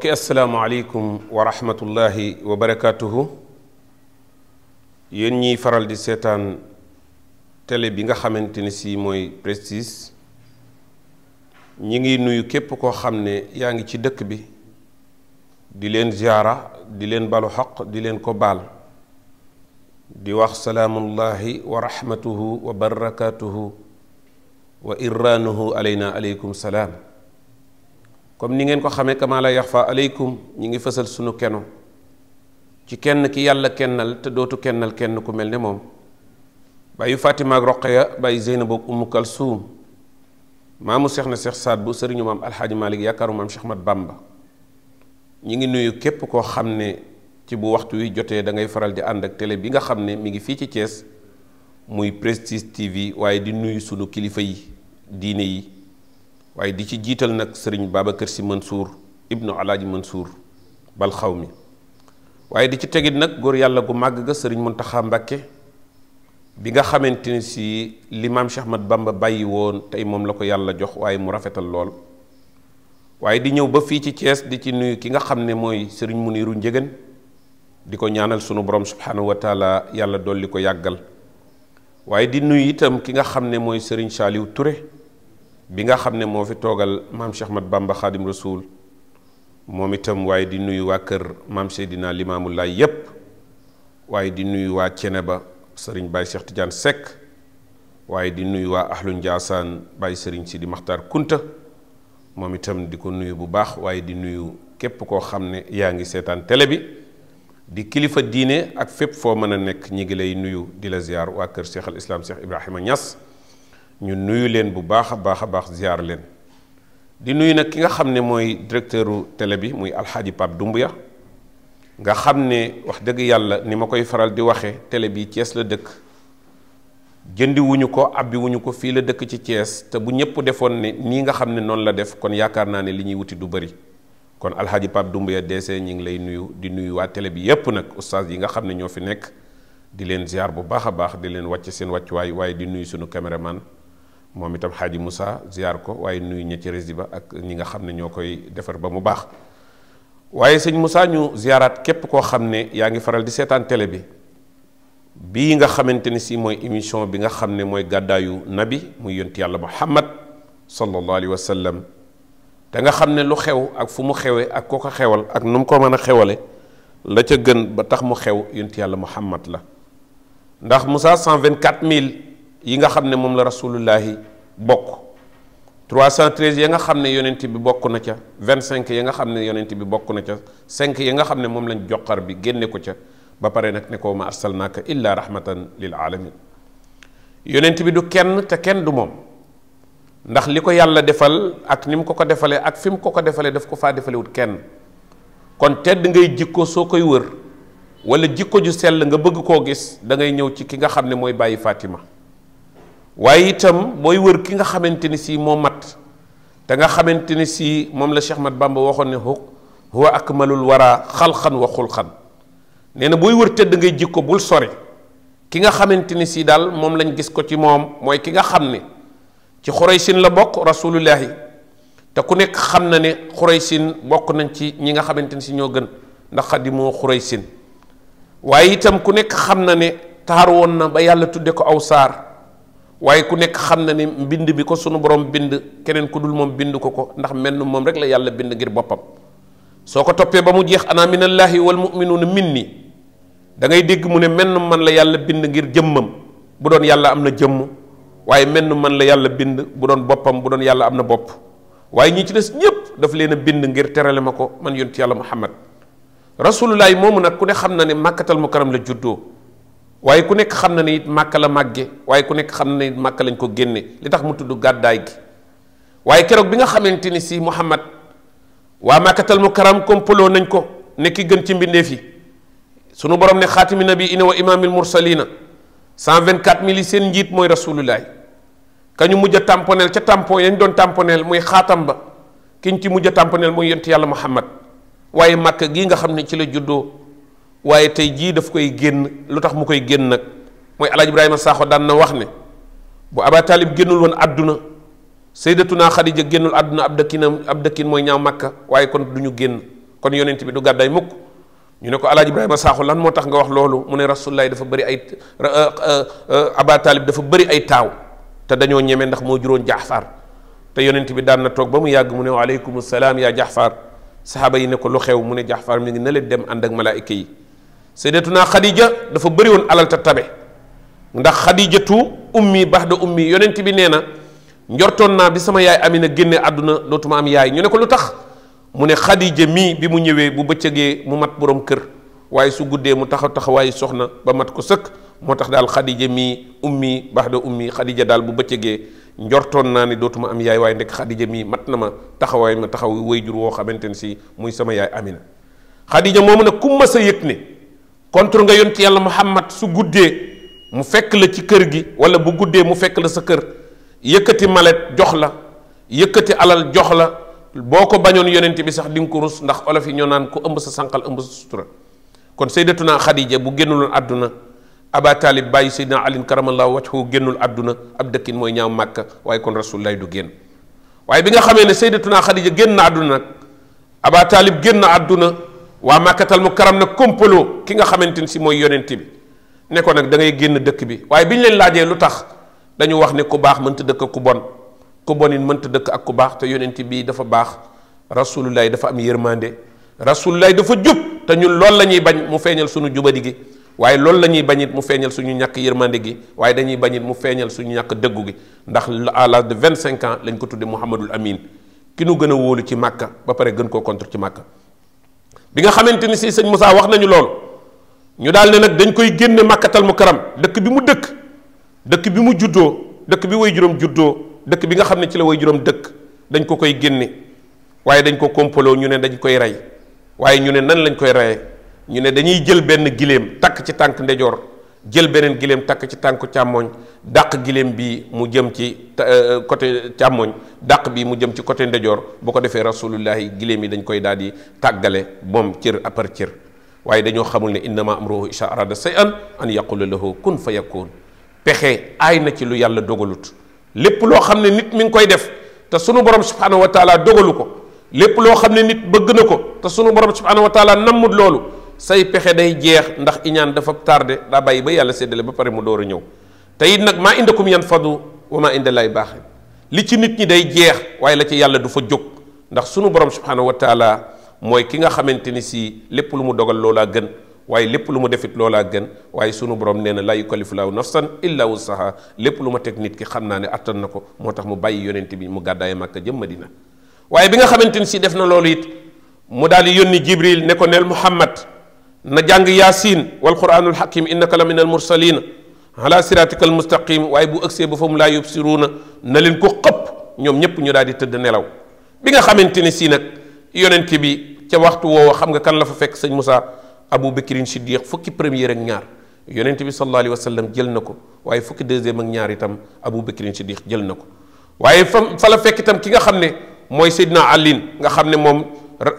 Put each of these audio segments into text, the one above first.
mbokki asalaamaaleykum wa rahmatullahi wa barakaatuhu yéen ñiy faral di seetaan télé bi nga xamante ni si mooy Prestige ñi ngi nuyu képp koo xam ne yaa ngi ci dëkk bi di leen ziara di leen balu xaq di leen ko baal di wax salaamullahi wa rahmatuhu wa barakaatuhu wa irraanuhu alayna aleykum salaam comme ni ngeen ko xame kama yax fa aleykum ñi ngi fësal sunu keno ci kenn ki yàlla kennal te dootu kennal kenn ku mel ni moom bàyyi Fatima ak ya bàyyi Zeynab ak Umu Kalsuum maamu seex na seex saat bu sëriñu maam alxaaji Malik yaakaaru maam Cheikh Mat Bamba ñi ngi nuyu képp koo xam ne ci bu waxtu wi jotee da ngay faral di ànd ak tele bi nga xam ne mi ngi fii ci Thiès muy Prestige TV waaye di nuyu sunu kilifa yi diine yi waaye di ci jiital nag sëriñ Babacar Sy Mansour ibnu alaaji Mansour bal xaw mi waaye di ci tegit nag góor yàlla gu màgg ga sëriñ Muntaxa Mbàkke bi nga xamante ni si li maam Bamba bàyyi woon tey moom la ko yàlla jox waaye mu rafetal lool waaye di ñëw ba fii ci Thiès di ci nuyu ki nga xam ne mooy sëriñ Muniru Njëgën di ko ñaanal sunu borom subhanahu yàlla dool li ko yàggal waaye di nuyu itam ki nga xam ne mooy sëriñ Saaliw Ture bi nga xam ne moo fi toogal maam Cheikh Ahmad Bamba Xaadim Rasoul moom itam waaye di nuyu waa kër maam Seydina Limaamu Laay yépp waaye di nuyu waa ba sëriñ Baye Cheikh Tidiane Seck waaye di nuyu waa ahlu Ndiassane Baye sëriñ di Maxtaar Kunta moom itam di ko nuyu bu baax waaye di nuyu képp koo xam ne yaa ngi seetaan télé bi di kilifa diine ak fépp foo mën a nekk ñi ngi lay nuyu di la ziar waa kër Cheikh al Islam Cheikh Ibrahima ñas ñu nuyu leen bu baax a baax a baax ziar leen di nuyu nag ki nga xam ne mooy directeuru tele bi muy alxaaji Pape Doumbouya nga xam ne wax dëgg yàlla ni ma koy faral di waxee tele bi cees la dëkk jëndi wuñu ko abbi wuñu ko fii la dëkk ci cees te bu ñëpp defoon ne nii nga xam ne noonu la def kon yaakaar naa ne li ñuy wuti du bëri kon alxaaji Pape Doumbouya DC ñi ngi lay nuyu di nuyu waa télé bi yépp nag oustaz yi nga xam ne ñoo fi nekk di leen ziar bu baax a baax di leen wàcc seen wàccuwaay waaye di nuyu sunu caméraman moom itam xaaji Moussa ziar ko waaye nuyu ña ci rési ba ak ñi nga xam ne ñoo koy defar ba mu baax waaye sëñ Moussa ñu ziaraat képp koo xam ne yaa ngi faral di seetaan télé bi bii nga xamante ni si mooy émission bi nga xam ne mooy gàddaayu nabi muy yont yàlla muhammad sallallahu alayhi wa sallam te nga xam ne lu xew ak fu mu xewee ak ko ko xewal ak nu mu ko mën a xewale la ca gën ba tax mu xew yont yàlla muhammad la ndax Moussa 124 000 yi nga xam ne moom la rasulullahi bokk 313 ya nga xam ne yonent bi bokk na ca 25 ya nga xam ne yonent bi bokk na ca 5 ya nga xam ne moom lañ joxar bi génne ko ca ba pare nag ne ko ma arsalnaaka illa rahmatan lil alamin yonent bi du kenn te kenn du moom ndax li ko yàlla defal ak ni mu ko ko defalee ak fi mu ko ko defalee daf ko faa defalewut kenn kon tedd ngay jikko soo koy wër wala jikko ju sell nga bëgg koo gis dangay ñëw ci ki nga xam ne mooy bàyyi Fatima waaye itam booy wër ki nga xamante ni si moo mat te nga xamante ni si moom la Cheikh Mat Bamba waxoon ne huwa akmalul wara xalxan wa xulxan nee na booy wër tëdd ngay jikko bul sori ki nga xamante ni si daal moom lañ gis ko ci moom mooy ki nga xam ne ci xuraysin la bokk rasulullahi te ku nekk xam na ne xuraysin bokk nañ ci ñi nga xamante ni si ñoo gën ndax xadimoo xuraysin waaye itam ku nekk xam na ne taar woon na ba yàlla tudde ko aw saar waye ku nek xamna ni ne mbind bi ko sunu borom bind keneen ku dul mom bind ko ko ndax melnu mom rek la yàlla bind ngir bopam soko topé ba mu jeex ana minallaahi wal mu'minun minni da ngay deg mu ne melnu man la yàlla bind ngir jëmmam bu doon yàlla amna na jëmm waaye menn man la yàlla bind bu doon bopam bu doon yàlla amna bop waye ñi ci dess ñépp daf leena bind ngir terale mako man yonent yàlla muhammad rasulullahi momu nak ku ne xamna ni màkkatal mukarram la juddoo waaye ku nekk xam na ne it màkka la màgge waaye ku nekk xam na ne it lañ ko génne li tax mu tudd gàddaay gi waaye keroog bi nga xamante ni si Muhammad waa màkkatal mu karam kompaloo nañ ko ne gën ci mbindeef yi sunu borom ne xaatimi nabi ina wa imaamil mursalina 124 mille yi seen njiit mooy rasulullahi ka ñu mujj a tamponeel ca tampon yañ doon tamponeel muy xaatam ba kiñ ci mujj a tamponeel mooy yonent yàlla Muhammad waaye màkk gii nga xam ne ci la juddoo waaye tey jii dafa koy génn lu tax mu koy génn nag mooy alaaj Ibrahima Sakho daan na wax ne bu Aba Taalib génnul woon àdduna Sayyidatuna Xadija génnul àdduna ab dëkkinam ab dëkkin mooy ñaaw Makka waaye kon du ñu génn kon yonent bi du gàddaay mukk ñu ne ko alaaj Ibrahima Sakho lan moo tax nga wax loolu mu ne Rasulullah dafa bari ay euh, euh, Aba dafa bari ay taaw te dañoo ñeme ndax moo juróon Jaxfar te yonent bi daan na toog ba mu yàgg mu ne waaleykum salaam yaa Jaxfar saxaaba yi ne ko lu xew ne Jaxfar mi na leen dem ànd ak malaayika yi sayyidatuna xadija dafa bëri woon alal te tabe ndax xadijatu ummi baxda ummi yonent bi nee na njortoon naa bi sama yaay amina génne àdduna dootuma am yaay ñu ne ko lu tax mu ne xadija mii bi mu ñëwee bu bëccëgee mu mat borom kër waaye su guddee mu taxaw taxawaayu soxna ba mat ko sëkk moo tax daal xadija mii ummi baxda ummi xadija daal bu bëccëgee njortoon naa ni dootuma am yaay waaye ndekk xadija mii mat na ma taxawaay ma taxaw jur woo xamante ne si muy sama yaay amina xadija moomu nag ku mas a yëg ne contre nga yonti yàlla muhammad su guddee mu fekk la ci kër gi wala bu guddee mu fekk la sa kër yëkkati malet jox la yëkkati alal jox la boko bañon yonenti bi sax ding ko rus ndax olof yi ñoo naan ko ëmb sa sankal ëmb sa sutura kon sayyidatuna khadija bu génnuloon aduna aba talib bàyyi sayyidina ali karamallahu wajhu génnul aduna ab dëkkin mooy ñaaw màkka way kon rasulullah du génn way bi nga xamé ne sayyidatuna khadija génn na àdduna nag aba talib génn na àdduna waa màkkatal mu karam nag kompaloo ki nga xamante ni si mooy yonenti bi ne ko nag ngay génn dëkk bi waaye bi ñu leen laajee lu tax dañu wax ne ku baax mënta dëkk ku bon ku bon it mënta dëkk ak ku baax te yonent bii dafa baax rasulullah dafa am yërmande rasulullah dafa jub te ñun loolu la ñuy bañ mu feeñal suñu jubadi gi waaye loolu la ñuy bañ it mu feeñal suñu ñàkk yërmande gi waaye dañuy bañ mu feeñal suñu ñàkk dëggu gi ndax à l'âge de vingt cinq ans lañ ko tudde Muhammadul Amin ki nu gën a wóolu ci màkka ba pare gën koo contre ci màkka bi nga xamante ni si sëñ Moussa wax nañu lool ñu daal ne nag dañ koy génne màkkatal mu karam dëkk bi mu dëkk dëkk bi mu juddoo dëkk bi way juróom juddoo dëkk bi nga xam ne ci la way juróom dëkk dañ ko koy génne waaye dañ ko kompaloo ñu ne dañ koy rey waaye ñu ne nañ lañ koy reyee ñu ne dañuy jël benn giléem takk ci tànk ndejoor jël benen gilem tak ci tànku chamoñ dak gilem bi mu jëm ci côté chamoñ dak bi mu jëm ci côté ndejoor bu ko defé rasulullah gilem yi dañ koy daal tagalé bom moom cër à waye dañu xamul ne innama amruhu isha arada say'an an yaqula lahu kun fayakun pexe ay na ci lu yàlla dogalut lépp lo xamné nit mi ngi koy def te sunu borom subhanahu wa taala dogaluko lépp lo xamné nit bëgg nako ko te sunu borom subhanahu wa taala nammut loolu say pexe day jeex ndax iñan dafa tardé da bay ba yàlla sédélé ba pare mu door ñëw te nak ma indakum yan fadu wa ma inda lay baax li ci nit ñi day jeex waye la ci yàlla du fa jóg ndax sunu borom subhanahu wa taala moy ki nga xamanteni ni si lépp lu mu dogal lola gën waye lépp lu mu defit lola gën waye sunu borom neena la yukallifu la nafsan illa wusaha lépp lu ma tek nit ki xamna ni atal nako motax mu bàyyi yonent bi mu gaday Màkka jëm Madina waye bi nga xamanteni ni si def na loolu it mu dal di yónni Jibril ne ko nel Muhammad نجانج ياسين والقرآن الحكيم إنك لمن المرسلين على صراطك المستقيم واي بو اكسي بو فم لا يبصرون نلين كو قب نيوم نيب ني دادي تد نلاو بيغا خامتيني سي نك يوننتي بي تي وقت وو خمغا كان لا فك موسى ابو بكرين شديق فكي بريمير اك ñar يوننتي بي صلى الله عليه وسلم جلنكو نكو فكي دوزيام اك ñar تام ابو بكرين شديق جلنكو نكو واي فم فلا فك موي سيدنا علين غا خامني موم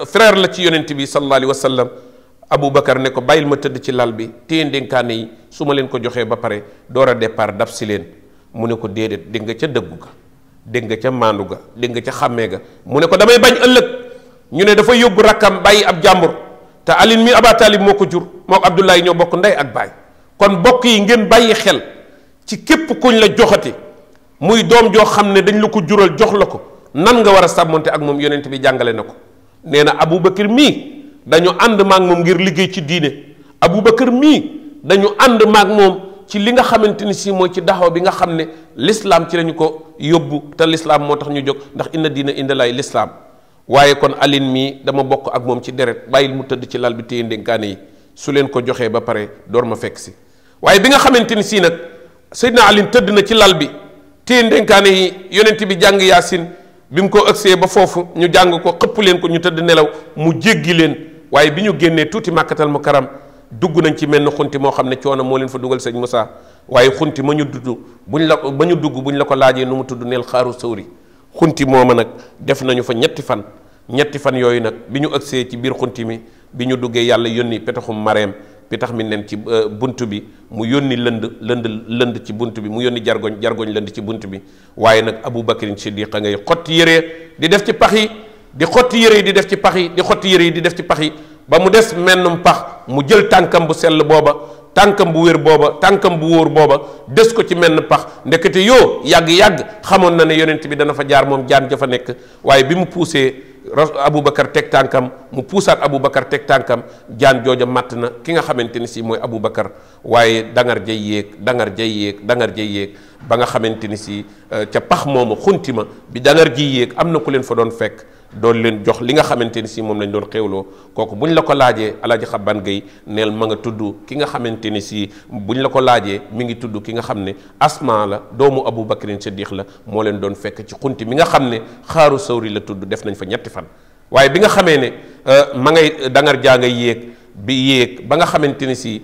فرير لا تي يوننتي بي صلى الله عليه وسلم Aboubacar ne ko bàyyil ma tëdd ci lal bi téye ndénkaane yi su ma leen ko joxee ba pare door a départ dab si leen mu ne ko déedéet dégg nga ca dëggu ga dégg nga ca maandu ga dégg nga ca xàmmee ga mu ne ko damay bañ ëllëg ñu ne dafa yóbbu rakkam bàyyi ab jàmbur te alin mi Aba moo ko jur moom Abdoulaye ñoo bokk ndey ak baay kon bokk yi ngeen bàyyi xel ci képp koñ la joxati muy doom joo xam ne dañ la ko jural jox la ko nan nga war a sàmmoonte ak moom yonent bi jàngale na ko dañu ànd maag moom ngir liggéey ci diine abu Aboubacar mii dañu ànd maak moom ci li nga xamante ni si mooy ci daxaw bi nga xam ne l'islam ci lañu ko yóbbu te l'islam moo tax ñu jóg ndax inna diina indalaay l'islam waaye kon alin mii dama bokk ak moom ci deret bàyyil mu tëdd ci lal bi téye ndénkaane yi su leen ko joxee ba pare door ma fekk si waaye bi nga xamante ni si nag Seydina Alin tëdd na ci lal bi téye ndénkaane yi yonent bi jàng yaasin bi mu ko ëgsee ba foofu ñu jàng ko xëpp leen ko ñu tëdd nelaw mu jéggi leen waaye bi ñu génnee tuuti màkkatal mu karam dugg nañ ci mel ni xunti moo xam ne coono moo leen fa dugal sëñ Moussa waaye xunti ma ñu dudd buñ la ba ñu dugg buñ la ko laajee nu mu tudd neel xaaru sawri xunti mooma nag def nañu fa ñetti fan ñetti fan yooyu nag bi ñu agsee ci biir xunti mi bi ñu duggee yàlla yónni petaxum mareem pitax mi nen ci euh, bunt bi mu yónni lënd lënd lënd ci bunt bi mu yónni jargoñ jargoñ lënd ci bunt bi waaye nag Abu Bakrin Siddiq a ngay xotti yëree di xotti yëre yi di def ci pax yi di xotti yëre yi di def ci pax yi ba mu des menn mennum pax mu jël tànkam bu sell booba tànkam bu wér booba tànkam bu wóor booba des ko ci menn pax ndekete yoo yàgg-yàgg xamoon na ne yonent bi dana fa jaar moom jaan ja fa nekk waaye bi mu puusee aboubacar teg tànkam mu puusaat aboubacar teg tànkam jaan jooja màtt na ki nga xamante ni si mooy abu aboubacar waaye dangar jay yéeg dangar jay yéeg dangar jay yéeg ba nga xamante ni si euh, ca pax moomu xunti ma bi dangar ji yéeg am na ku leen fa doon fekk doon leen jox li nga xamante ni si moom lañu doon xéwloo kooku buñ la ko laajee alaaji ban gay neel ma nga tudd ki nga xamante ni si buñ la ko laajee mi ngi tudd ki nga xam ne asma la doomu abu abou bakrin siddiq la moo leen doon fekk ci xunti mi nga xam ne xaaru sawri la tudd def nañ fa ñetti fan waaye bi nga xamee ne euh, ma ngay dangar jaa ngay yéeg bi yéeg ba nga xamante ni si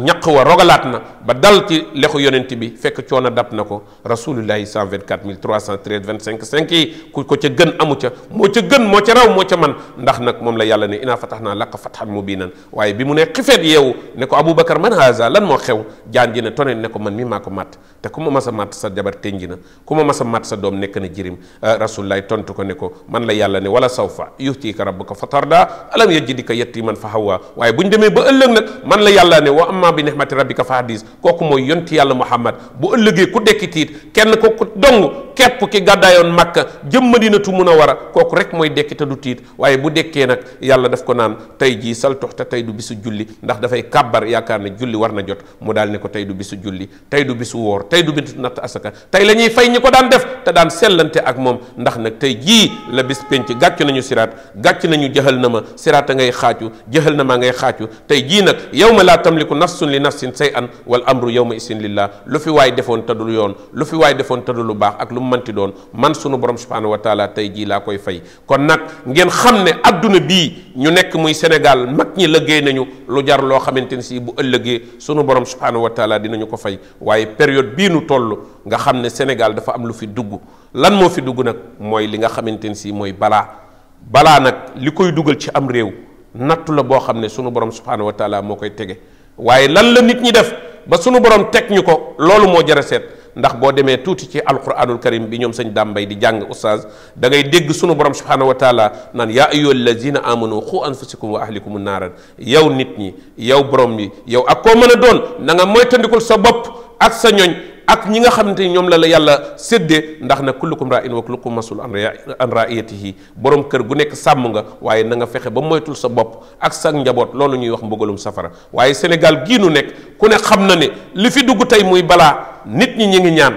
ñaq wa rogalaat na ba dal ci lexu yonent bi fekk coono dab na ko rasulullahi 124 313 25 5 yi ku ko ca gën amu ca moo ca gën moo ca raw moo ca man ndax nag moom la yàlla ne inaa fatax naa laka mubinan waaye bi mu ne xifeet yeewu ne ko aboubacar man haza lan moo xew jaan ji ne toneen ne ko man mi maa ko matt te ku ma mas a matt sa jabar tënji na ku ma mas a matt sa doom nekk na jirim rasulullahi tontu ko ne ko man la yàlla ne wala sawfa yuhtiika rabbuka fatarda alam yajidika yatiman fa hawa waye bu démé ba ëlëk nak man la yalla né wa amma bi nihmati rabbika fahdis koku moy yonti yalla muhammad bu ëlëgé ku dekki tiit kenn ko ku dong képp ki gadayon makka jëm mëna wara koku rek moy dekki ta du tiit waye bu dékké nak yalla daf ko naan tay ji sal tox ta tay du bisu julli ndax fay kabbar yaakar ne julli war na jot mu dal ne ko tay du bisu julli tay du bisu wor tay du bisu nat asaka tay lañuy fay ñi ko daan def ta daan sellante ak mom ndax nak tay ji la bis penc gatch nañu sirat gatch nañu nama na ma siraat ngay xaju jëhël na ma ngay xaaju tey jii nag yawma laa tamliku nafsun li nafsin shay'an wal amru yawma isin lillah lu fi waay defoon tëddul yoon lu fi waay defoon tëddul lu baax ak lu mu manti doon man sunu borom subhanahu wa taala tey jii laa koy fay kon nag ngeen xam ne adduna bii ñu nekk muy Sénégal mag ñi liggéey nañu lu jar loo xamante ni si bu ëllëgee sunu borom subhanahu wa taala dinañu ko fay waaye période bii nu toll nga xamne Sénégal dafa am lu fi dugg lan mo fi dugg nak moy li nga xamante ni si mooy balaa balaa nag li koy dugal ci am réew nattu la bo xamne sunu borom subhanahu wa taala mo koy tege waye lan la nit ñi def ba sunu borom tek ñuko lolu mo moo set ndax bo deme tuuti ci alquranul karim bi ñom sëñ dàmbay di jàng oustaz da ngay deg sunu borom subhanahu wa taala nan ya ayyul ladzina amanu khu anfusikum wa ahlikum nar yow nit ñi yow borom yi yow ak ko meuna a doon na nga moytandikul sa bop ak sa ñoñ ak ñi nga xamante ni ñoom la la yàlla séddee ndax na kullukum ra'in wa kullukum masul an an ra'iyatihi borom kër gu nekk sàmm nga waaye na nga fexe ba moytul sa bopp ak sa njaboot loolu ñuy wax mbugalum safara waaye Sénégal gii nu nekk ku ne xam na ni li fi dugg tey muy balaa nit ñi ñi ngi ñaan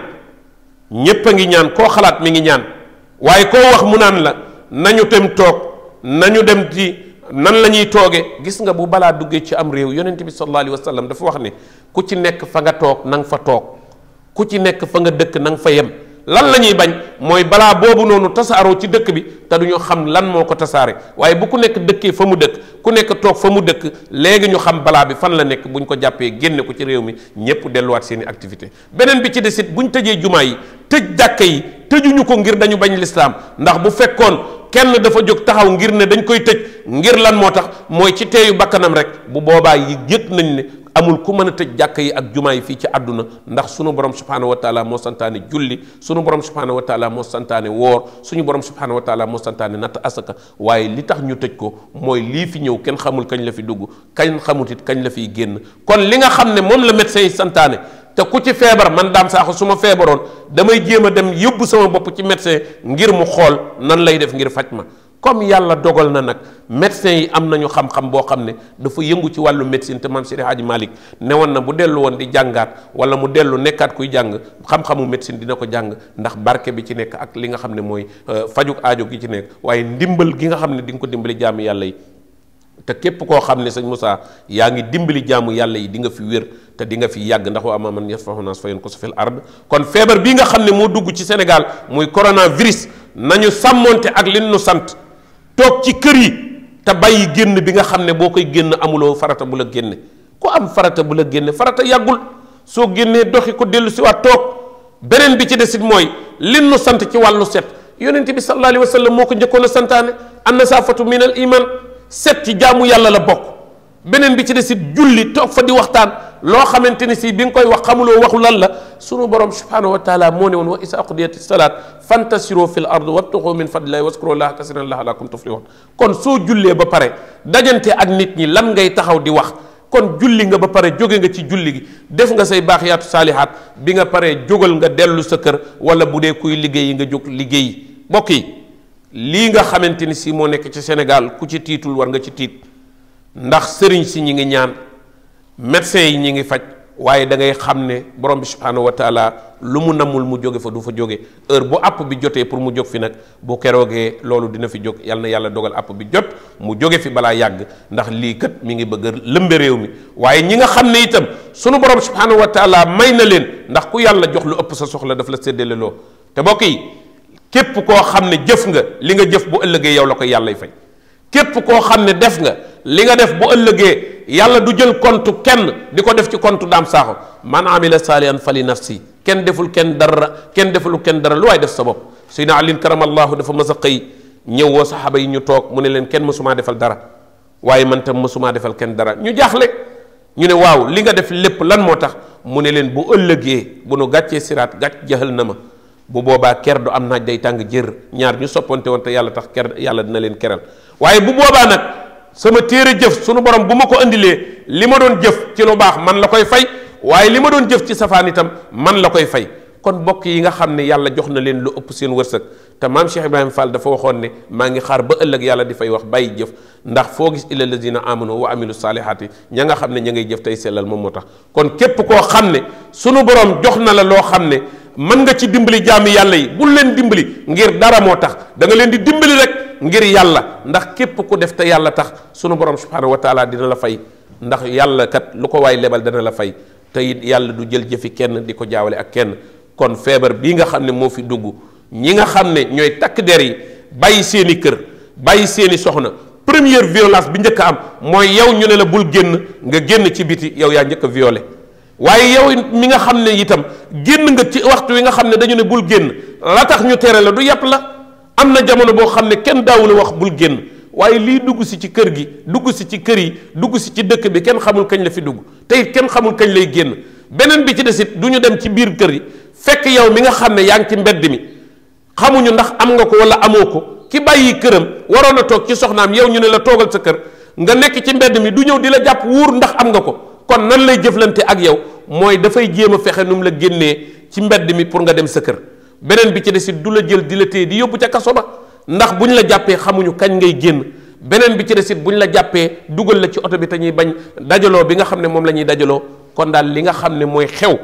ñépp a ngi ñaan koo xalaat mi ngi ñaan waaye koo wax mu naan la nañu dem toog nañu dem di nan la ñuy tooge gis nga bu balaa duggee ci am réew yonent bi sallallahu alayhi wa sallam dafa wax ne ku ci nekk fa nga toog na nga fa toog ku ci nekk fa nga dëkk na nga fa yem lan la ñuy bañ mooy balaa boobu noonu tasaaroo ci dëkk bi te du ñu xam lan moo ko tasaare waaye bu ku nekk dëkkee fa mu dëkk ku nekk toog fa mu dëkk léegi ñu xam balaa bi fan la nekk bu ñu ko jàppee génne ko ci réew mi ñépp delluwaat seeni activité beneen bi ci des it bu ñu tëjee jumaa yi tëj jàkka yi tëjuñu ko ngir dañu bañ lislaam ndax bu fekkoon kenn dafa jóg taxaw ngir ne dañ koy tëj ngir lan moo tax mooy ci teeyu bàkkanam rek bu boobaa yi yëg nañ ne amul ku mën a tëj jàkk yi ak jumaa yi fii ci àdduna ndax sunu borom subhanahu wa taala moo santaane julli sunu borom subhanahu wa taala moo santaane woor suñu borom subhanahu wa taala moo santaane natt asaka waaye li tax ñu tëj ko mooy lii fi ñëw kenn xamul kañ la fi dugg kañ xamut it kañ la fiy génn kon li nga xam ne moom la médecin yi santaane te ku ci feebar man daam saaxo su ma feebaroon damay jéem a dem yóbbu sama bopp ci médecin ngir mu xool nan lay def ngir faj ma comme yàlla dogal na nag médecin yi am nañu xam-xam boo xam ne dafa yëngu ci wàllu médecine te maam Seydi Hadji Malick ne woon na bu dellu woon di jàngaat wala mu dellu nekkaat kuy jàng xam-xamu médecine dina ko jàng ndax barke bi ci nekk ak li nga xam ne mooy euh, fajuk ajo gi ci nekk waaye ndimbal gi nga xam ne di nga ko dimbali jaamu yàlla yi te képp koo xam ne sëñ Moussa yaa ngi dimbali jaamu yàlla yi di nga fi wér te di nga fi yàgg ndax wa amaa man yasfahu naas fa yankusu fil ard kon feebar bii nga xam ne moo dugg ci Sénégal muy coronavirus nañu sàmmonte ak li sant toog ci kër yi te bàyyi génn bi nga xam ne boo koy génn amuloo farata bu la génne ku am farata bu la génne farata yàggul soo génnee doxi ko dellu si waat toog beneen bi ci desit mooy lin nu sant ci wàllu set yonente bi sallallahu alayhi wa sallam moo ko njëkkoon a santaane an nasaafatu min al iman set ci jaamu yàlla la bokk beneen bi ci desit julli toog fa di waxtaan loo xamante ni si bi nga koy wax xamuloo waxu lan la sunu borom subhanahu wa taala moo ne woon wa isa qudiyati salaat fantasiro fi l ard wabtaxu min fadlillahi waskuro laa kasiran laa laakum tuflihun kon soo jullee ba pare dajante ak nit ñi lan ngay taxaw di wax kon julli nga ba pare jóge nga ci julli gi def nga say baaxiyaatu saalihaat bi nga paree jógal nga dellu sa kër wala bu dee kuy liggéeyi nga jóg liggéey mbokk yi lii nga xamante ni si moo nekk ci Sénégal ku ci tiitul war nga ci tiit ndax sëriñ si ñi ngi ñaan médecin yi ñi ngi faj waaye da ngay xam ne borom bi subhaanahu wa taala lu mu namul mu jóge fa du fa jóge heure bu àpp bi jotee pour mu jóg fi nag bu keroogee loolu dina fi jóg yal na yàlla dogal àpp bi jot mu jóge fi balaa yàgg ndax lii kat mu ngi bëgg a réew mi waaye ñi nga xam ne itam sunu borom subhaanahu wa taala may na leen ndax ku yàlla jox lu ëpp sa soxla daf la séddale loo te mbokk yi képp koo xam ne jëf nga li nga jëf bu ëllëgee yow la ko yàllay fay képp koo def ëllëgee yàlla du jël compte kenn diko def ci compte dam saxo man amila saalihan fali nafsi kenn deful kenn dara kenn deful kenn dara lu way def sa bop sayna Ali karam allah dafa ma a ñëw wa sahaba yi ñu tok mu ne len kenn musuma defal dara waye man tam musuma defal kenn dara ñu jaxle ñu ne waw li nga def lépp lan motax mu ne len bu ëllëgé bu nu gàccee sirat gàcc jaxal nama bu boba ker du am naaj day tàng jër ñaar ñu soppante won ta yàlla tax ker yàlla dina len keral waye bu boba nak sama téere jëf sunu borom bu ma ko indilee li ma doon jëf ci lu baax man la koy fay waaye li ma doon jëf ci safaan itam man la koy fay kon mbokk yi nga xam ne yàlla jox na leen lu ëpp seen wërsëg te maam Cheikh Ibrahima Fall dafa waxoon ne maa ngi xaar ba ëllëg yàlla di fay wax bàyyi jëf ndax foo gis illa lazina amanu oo amilu saalihaati ña nga xam ne ña ngay jëf tey sellal moom moo tax kon képp koo xam ne sunu borom jox na la loo xam ne mën nga ci dimbali jaami yàlla bul leen dimbali ngir dara moo tax da nga leen di dimbali rek ngir yàlla ndax képp ku def te yàlla tax sunu borom subhanahu wa dina la fay ndax yàlla kat lu ko waay lebal dana la fay te it yàlla du jël jëfi kenn di ko jaawale ak kenn kon feebar bii nga xam ne moo fi dugg ñi nga xam ne ñooy takk der yi bàyyi seeni kër bàyyi seeni soxna première violence bi njëkk a am mooy yow ñu ne la bul génn nga génn ci biti yow yaa njëkk a violé waaye yow mi nga xam ne itam génn nga ci waxtu wi nga xam ne dañu ne bul génn la tax ñu tere la du yàpp la am na jamono boo xam ne kenn daawul wax bul génn waaye lii dugg si ci kër gi dugg si ci kër yi dugg si ci dëkk bi kenn xamul kañ la fi dugg te kenn xamul kañ lay génn beneen bi ci des du ñu dem ci biir kër yi fekk yow mi nga xam ne yaa ngi ci mbedd mi xamuñu ndax am nga ko wala amoo ko ki bàyyi këram waroon a toog ci soxnaam yow ñu ne la toogal sa kër nga nekk ci mbedd mi du ñëw di la jàpp wuur ndax am nga ko kon nan lay jëflante ak yow mooy dafay jéem a fexe nu la génnee ci mbedd mi pour nga dem sa kër beneen bi ci des du la jël di la téye di yóbbu ca kaso ba ndax bu ñu la jàppee xamuñu kañ ngay génn beneen bi ci des bu ñu la jàppee dugal la ci oto bi te ñuy bañ dajaloo bi nga xam ne moom la ñuy dajaloo kon daal li nga xam ne mooy xew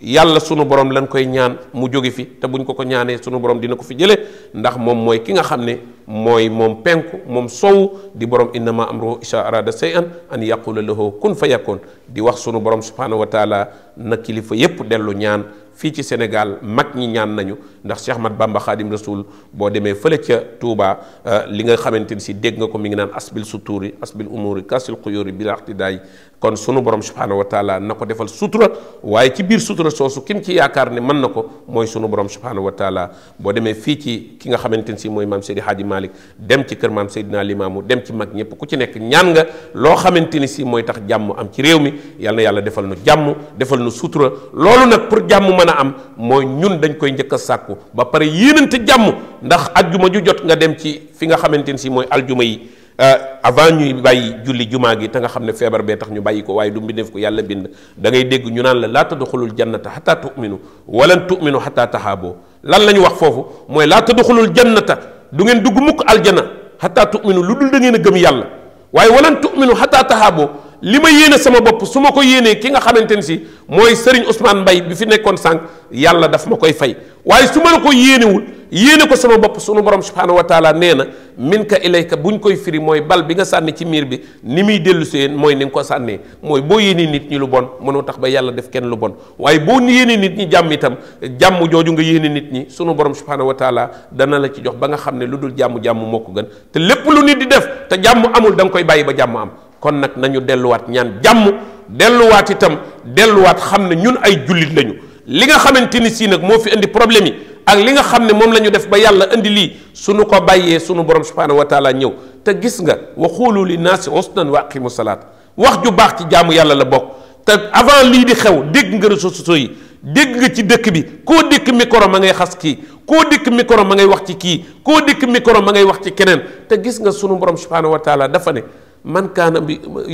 yàlla sunu borom lañ koy ñaan mu jóge fi te buñ ko ko ñaanee sunu borom dina ko fi jëlee ndax moom mooy ki nga xam ne mooy moom penku moom sow di borom innama amruhu isa arada shay'an an yaqula lahu kun fayakun di wax sunu borom subhanahu wa taala na kilifa yépp dellu ñaan fii ci Sénégal mag ñi ñaan nañu ndax Cheikh Ahmad Bamba Khadim Rasoul boo demee fële ca Touba euh, li nga xamante ni si dégg nga ko mi ngi naan asbil suturi asbil umuri kasil xuyuri bila ixtidaay kon sunu borom subhaanahu wa taala na ko defal sutura waaye ci biir sutura soosu kim ci yaakaar ne mën na ko mooy sunu borom subhaanahu wa boo demee fii ci ki nga xamante ne si mooy maam Seydi Hadji Malick dem ci kër maam Seydina Limaamu dem ci mag ñëpp ku ci nekk ñaan nga loo xamante ni si mooy tax jàmm am ci réew mi yal na yàlla defal nu jàmm defal nu sutura loolu nag pour jàmm mën a am mooy ñun dañ koy njëkk a sàkku ba pare yéenante jàmm ndax aljuma ju jot nga dem ci fi nga xamante ni si mooy aljuma yi avant ñuy bay julli jumaa gi te nga xam ne feebar tax ñu bàyyi ko du mbindeef ko yàlla bind da ngay dégg ñu naan la laa tadxulul jannata xataa tuminu walan tuminu xataa taxaaboo lan la wax foofu mooy laa tadxulul jannata du ngeen dugg mukk aljana xataa tuminu lu da ngeen gëm yàlla waaye walan tuminu xataa taxaaboo li ma yéene sama bopp su ma ko yéenee ki nga xamante ni si mooy Serigne Ousmane Mbaye bi fi nekkoon sànq yàlla daf ma koy fay waaye su ma la ko yéenewul yéene ko sama bopp sunu borom subhaanahu wa taala nee na min ka ilayka buñ koy firi mooy bal bi nga sànni ci miir bi ni muy dellu seen mooy ni nga ko sànnee mooy boo yéenee nit ñi lu bon mënoo tax ba yàlla def kenn lu bon waaye boo yéenee nit ñi jàmm itam jàmm jooju nga yéene nit ñi sunu borom subhaanahu wa taala dana la ci jox ba nga xam ne lu dul jàmm jàmm moo ko gën te lépp lu nit di def te jàmm amul da nga koy bàyyi ba jàmm am kon nag nañu delluwaat ñaan jàmm delluwaat itam delluwaat xam ne ñun ay jullit lañu li nga xamante ni si nag moo fi indi problème yi ak li nga xam ne moom la ñu def ba yàlla indi lii suñu ko bàyyee sunu borom subhaanahu wa ñëw te gis nga wa xuulu li naasi usnan wa aqimu salaat wax ju baax ci jaamu yàlla la bokk te avant lii di xew dégg nga réseaux sociaux yi dégg nga ci dëkk bi koo dikk micro ma ngay xas kii koo dikk micro ma ngay wax ci kii koo dikk micro ma ngay wax ci keneen te gis nga sunu borom subhaanahu wa taala dafa ne من كان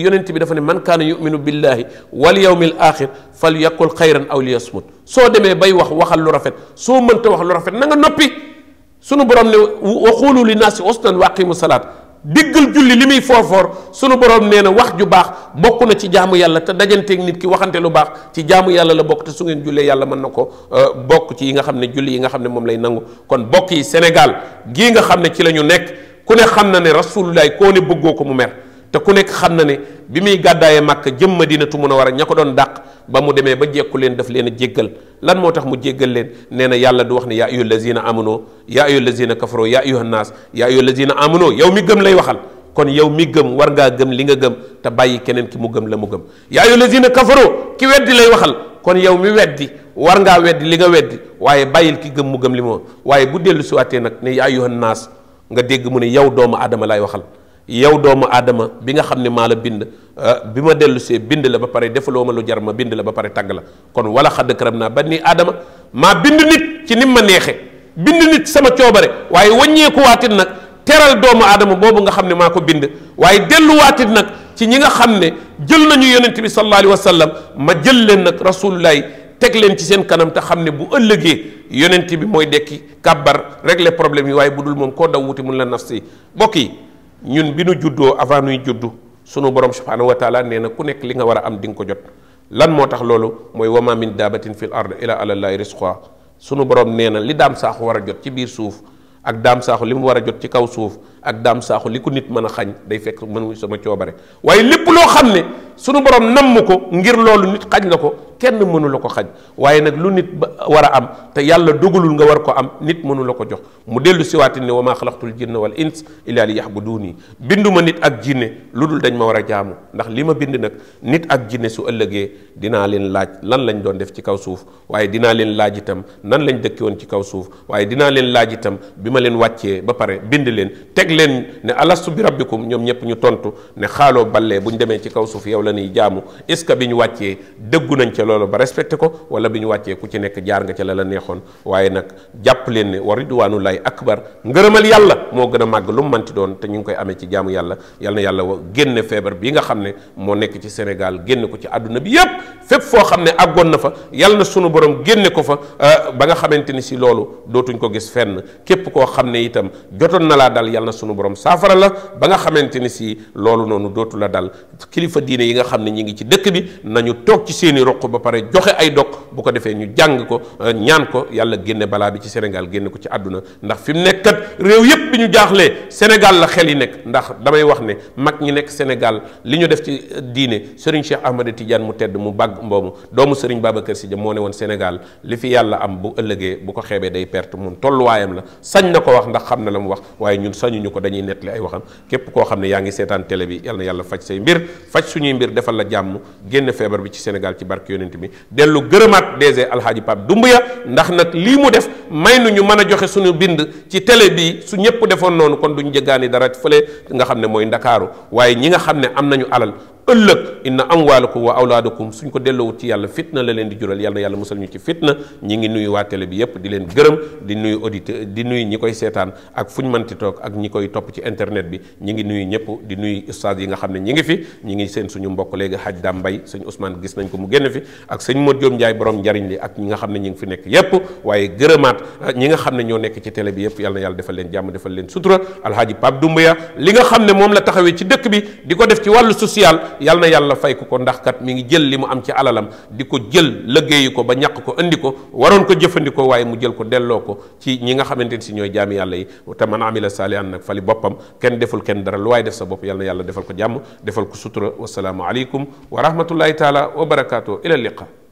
يونتي بي دافني من كان يؤمن بالله واليوم الاخر فليقل خيرا او ليصمت سو ديمي باي واخ واخال لو رافيت سو مانتا واخ لو رافيت نغا نوبي سونو بروم ني وقولوا للناس اصلا واقيموا الصلاه ديغل جولي ليمي فور فور سونو بروم نينا واخ جو باخ بوكو نا سي جامو يالا تا داجانتي نيت كي واخانتي لو باخ سي جامو يالا لا بوك تا سوغين جولي يالا مان نكو أه، بوك سي ييغا خامني جولي ييغا خامني موم لاي نانغو كون بوكي سينيغال جيغا خامني سي لا نيو نيك كوني خامنا ني رسول الله كوني بوغوكو مو مير te ku nek xamna ne bi mi gàddaayee Makka jëm Madinatu Munawwara wara ñako don dàq ba mu deme ba jekku len daf len a jéggal lan motax mu jéggal len neena yàlla du wax ne yaa ayyuha lazina amano yaa ayyuha lazina kafaro yaa ayyuha nas ya ayyuha lazina amanu yow mi gëm lay waxal kon yow mi gëm war nga gëm li nga gëm te bàyyi keneen ki mu gëm la mu gëm ya ayyuha lazina kafaru ki weddi lay waxal kon yow mi weddi war nga weddi li nga weddi waye bayil ki gëm mu gëm li moom waaye bu delu suwate nak ne yaa ayyuha nas nga deg mu ne yow doomu adama lay waxal yow doomu aadama bi nga xam ne maa la bind bi ma dellu see bind la ba pare defaloo ma lu jar ma bind la ba pare tagg la kon wala xadd karam naa ba nii aadama maa bind nit ci nim ma neexe bind nit sama coobare waaye wàññeekuwaatit nag teral doomu aadama boobu nga xam ne maa ko bind waaye delluwaatit nag ci ñi nga xam ne jël nañu yonent bi sallallahu alayhi wasallam ma jël leen nag rasulullahi teg leen ci seen kanam te xam ne bu ëllëgee yonent bi mooy dekki kàbbar régler problème yi waaye bu dul moom koo daw wuti mun la nafsi bokk yi ñun bi nu juddoo avant nuy juddu sunu borom subhaanahu wa taala nee na ku nekk li nga war a am di nga ko jot lan moo tax loolu mooy wama min daabatin fil ard ila alallahi risqa sunu borom nee na li daam saaxu war a jot ci biir suuf ak daam saaxu li mu war a jot ci kaw suuf ak dam saxu liku nit meuna xagn day fekk mënu sama ciobare waye lépp lo xamne sunu borom namm ko ngir lolou nit xagn lako kenn meunu lako xagn waye nak lu nit wara am te yàlla dogulul nga war ko am nit meunu lako jox mu delu ci ne wa maa xalaqtul jinna wal ins illa li yaxbuduuni bindu nit ak jinne ludul dul dañ ma wara a jaamu ndax lima bind nak nit ak jinne su ëllëgee dina leen laaj lan lañ doon def ci kaw suuf waye dina leen laaj itam nan lañ dëkki woon ci kaw suuf waye dina leen laaj itam bima ma leen wàccee ba pare bind leen tek leen ne alastu bi rabbikum ñoom ñëpp ñu tontu ne xaaloo ballee bu ñu demee ci kaw suuf yow la ñuy jaamu est ce que bi ñu wàccee dëggu nañ ca loolu ba respecté ko wala bi ñu wàccee ku ci nekk jaar nga ca la la neexoon waaye nag jàpp leen ne wa ridwanullahi akbar ngërëmal yàlla moo gën a màgg lu mu manti doon te ñu ngi koy amee ci jaamu yàlla yal na yàlla génne feebar bi nga xam ne moo nekk ci Sénégal génne ko ci àdduna bi yépp fépp foo xam ne àggoon na fa yal na sunu borom génne ko fa euh, ba nga xamante ni si loolu dootuñ ko gis fenn képp koo xam ne itam jotoon na laa dal yàlla na sunu borom saafara la ba nga xamante ni si loolu noonu dootu la dal kilifa diine yi nga xam ne ñi ngi ci dëkk bi nañu toog ci seeni roq ba pare joxe ay dog bu ko defee ñu jàng ko euh, ñaan ko yàlla génne balaa bi ci Sénégal génne ko ci àdduna ndax fi mu nekkat réew yëpp bi ñu jaaxlee Sénégal la xel yi nekk ndax damay wax ne mag ñi nekk Sénégal li ñu def ci diine Serigne Cheikh Ahmada Tidiane mu tedd mu bàgg mboomu doomu Serigne Babacar Sy Dia moo ne woon Sénégal li fi yàlla am bu ëllëgee bu ko xeebee day perte moom tolluwaayam la sañ na ko wax ndax xam ne la mu wax waaye ñun sañuñu ko dañuy nettali ay waxa képp koo xam ne yaa ngi seetaan bi yal yàlla faj say mbir faj suñuy mbir defal la jàmm génn feebar bi ci Sénégal ci barke yonent nag DG Alxaaji dumb Dumbuya ndax nag lii mu def may nu ñu mën a joxe suñu bind ci tele bii su ñëpp defoon noonu kon duñ jëggaani dara fële nga xam ne mooy Ndakaaru waaye ñi nga xam ne am nañu alal ëllëg inna amwaalakum wa awlaadakum suñ ko delloowut ci yàlla fitna la leen di jural yàlla yàlla musal ñu ci fitna ñi ngi nuyu waa télé bi yépp di leen gërëm di nuyu auditeur di nuyu ñi koy seetaan ak fuñ mënti toog ak ñi koy topp ci internet bi ñi ngi nuyu ñëpp di nuyu ustaas yi nga xam ne ñi ngi fi ñi ngi seen suñu mbokk léegi Hadj Dame Mbaye sëñ Ousmane gis nañ ko mu génn fi ak sëñ Modou Diom Ndiaye borom njariñ li ak ñi nga xam ne ñi ngi fi nekk yépp waaye gërëmaat ah, ñi nga xam ne ñoo nekk ci tele bi yépp yàlla na yàlla defal leen jàmm defal leen sutura alhaaji Pape Doumbouya li nga xam ne moom la taxawee ci dëkk bi di ko def ci wàllu social yal na yàlla fay ko ko ndax kat mi ngi jël li mu am ci alalam di ko jël liggéeyi ko ba ñàq ko indi ko waroon ko jëfandikoo waaye mu jël ko delloo ko ci ñi nga xamante ne si ñooy jaami yàlla yi te man la saali an nag fali boppam kenn deful kenn dara lu waaye def sa bopp yal na yàlla defal ko jàmm defal ko sutura wasalaamu aleykum wa rahmatullahi taala wa barakaatu ila liqa